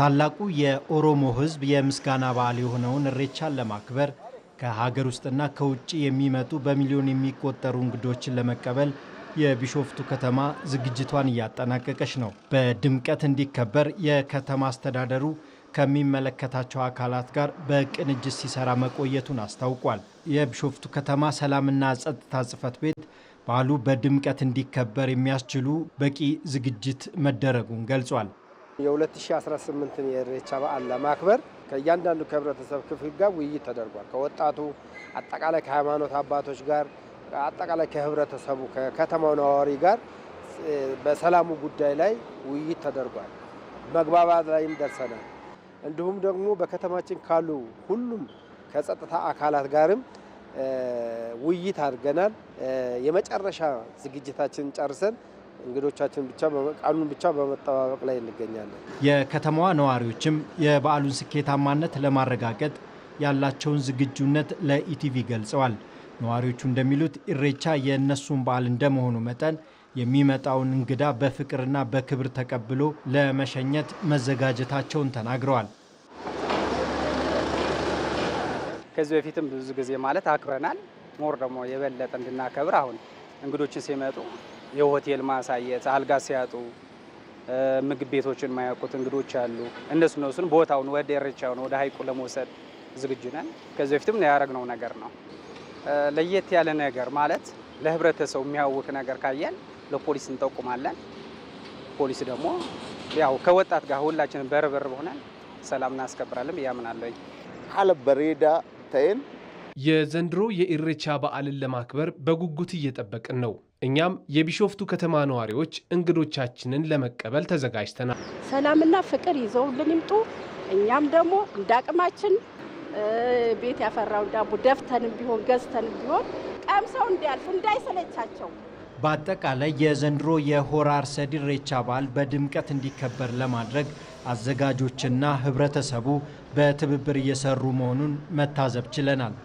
ታላቁ የኦሮሞ ሕዝብ የምስጋና በዓል የሆነውን እሬቻን ለማክበር ከሀገር ውስጥና ከውጭ የሚመጡ በሚሊዮን የሚቆጠሩ እንግዶችን ለመቀበል የቢሾፍቱ ከተማ ዝግጅቷን እያጠናቀቀች ነው። በድምቀት እንዲከበር የከተማ አስተዳደሩ ከሚመለከታቸው አካላት ጋር በቅንጅት ሲሰራ መቆየቱን አስታውቋል። የቢሾፍቱ ከተማ ሰላምና ጸጥታ ጽሕፈት ቤት በዓሉ በድምቀት እንዲከበር የሚያስችሉ በቂ ዝግጅት መደረጉን ገልጿል። የ2018 የኢሬቻ በዓል ለማክበር ከእያንዳንዱ ከህብረተሰብ ክፍል ጋር ውይይት ተደርጓል። ከወጣቱ አጠቃላይ ከሃይማኖት አባቶች ጋር አጠቃላይ ከህብረተሰቡ ከከተማው ነዋሪ ጋር በሰላሙ ጉዳይ ላይ ውይይት ተደርጓል። መግባባት ላይም ደርሰናል። እንዲሁም ደግሞ በከተማችን ካሉ ሁሉም ከጸጥታ አካላት ጋርም ውይይት አድርገናል። የመጨረሻ ዝግጅታችንን ጨርሰን እንግዶቻችን ብቻ ቃሉን ብቻ በመጠባበቅ ላይ እንገኛለን። የከተማዋ ነዋሪዎችም የበዓሉን ስኬታማነት ለማረጋገጥ ያላቸውን ዝግጁነት ለኢቲቪ ገልጸዋል። ነዋሪዎቹ እንደሚሉት ኢሬቻ የእነሱን በዓል እንደመሆኑ መጠን የሚመጣውን እንግዳ በፍቅርና በክብር ተቀብሎ ለመሸኘት መዘጋጀታቸውን ተናግረዋል። ከዚህ በፊትም ብዙ ጊዜ ማለት አክብረናል። ሞር ደግሞ የበለጠ እንድናከብር አሁን እንግዶችን ሲመጡ የሆቴል ማሳየት፣ አልጋ ሲያጡ ምግብ ቤቶችን ማያውቁት እንግዶች አሉ። እነሱ እነሱን ቦታውን ወደ ኢሬቻውን ወደ ሀይቁ ለመውሰድ ዝግጁ ነን። ከዚህ በፊትም ያደረግነው ነገር ነው። ለየት ያለ ነገር ማለት ለህብረተሰቡ የሚያውቅ ነገር ካየን ለፖሊስ እንጠቁማለን። ፖሊስ ደግሞ ያው ከወጣት ጋር ሁላችንም በርብር ሆነን ሰላም እናስከብራለን ብዬ አለ ሀለብ በሬዳ ተይን የዘንድሮ የኢሬቻ በዓልን ለማክበር በጉጉት እየጠበቅን ነው። እኛም የቢሾፍቱ ከተማ ነዋሪዎች እንግዶቻችንን ለመቀበል ተዘጋጅተናል። ሰላምና ፍቅር ይዘውልን ይምጡ። እኛም ደግሞ እንደ አቅማችን ቤት ያፈራውን ዳቦ ደፍተንም ቢሆን ገዝተንም ቢሆን ቀምሰው እንዲያልፉ እንዳይሰለቻቸው። በአጠቃላይ የዘንድሮ የሆራ አርሰዲ ኢሬቻ በዓል በድምቀት እንዲከበር ለማድረግ አዘጋጆችና ህብረተሰቡ በትብብር እየሰሩ መሆኑን መታዘብ ችለናል።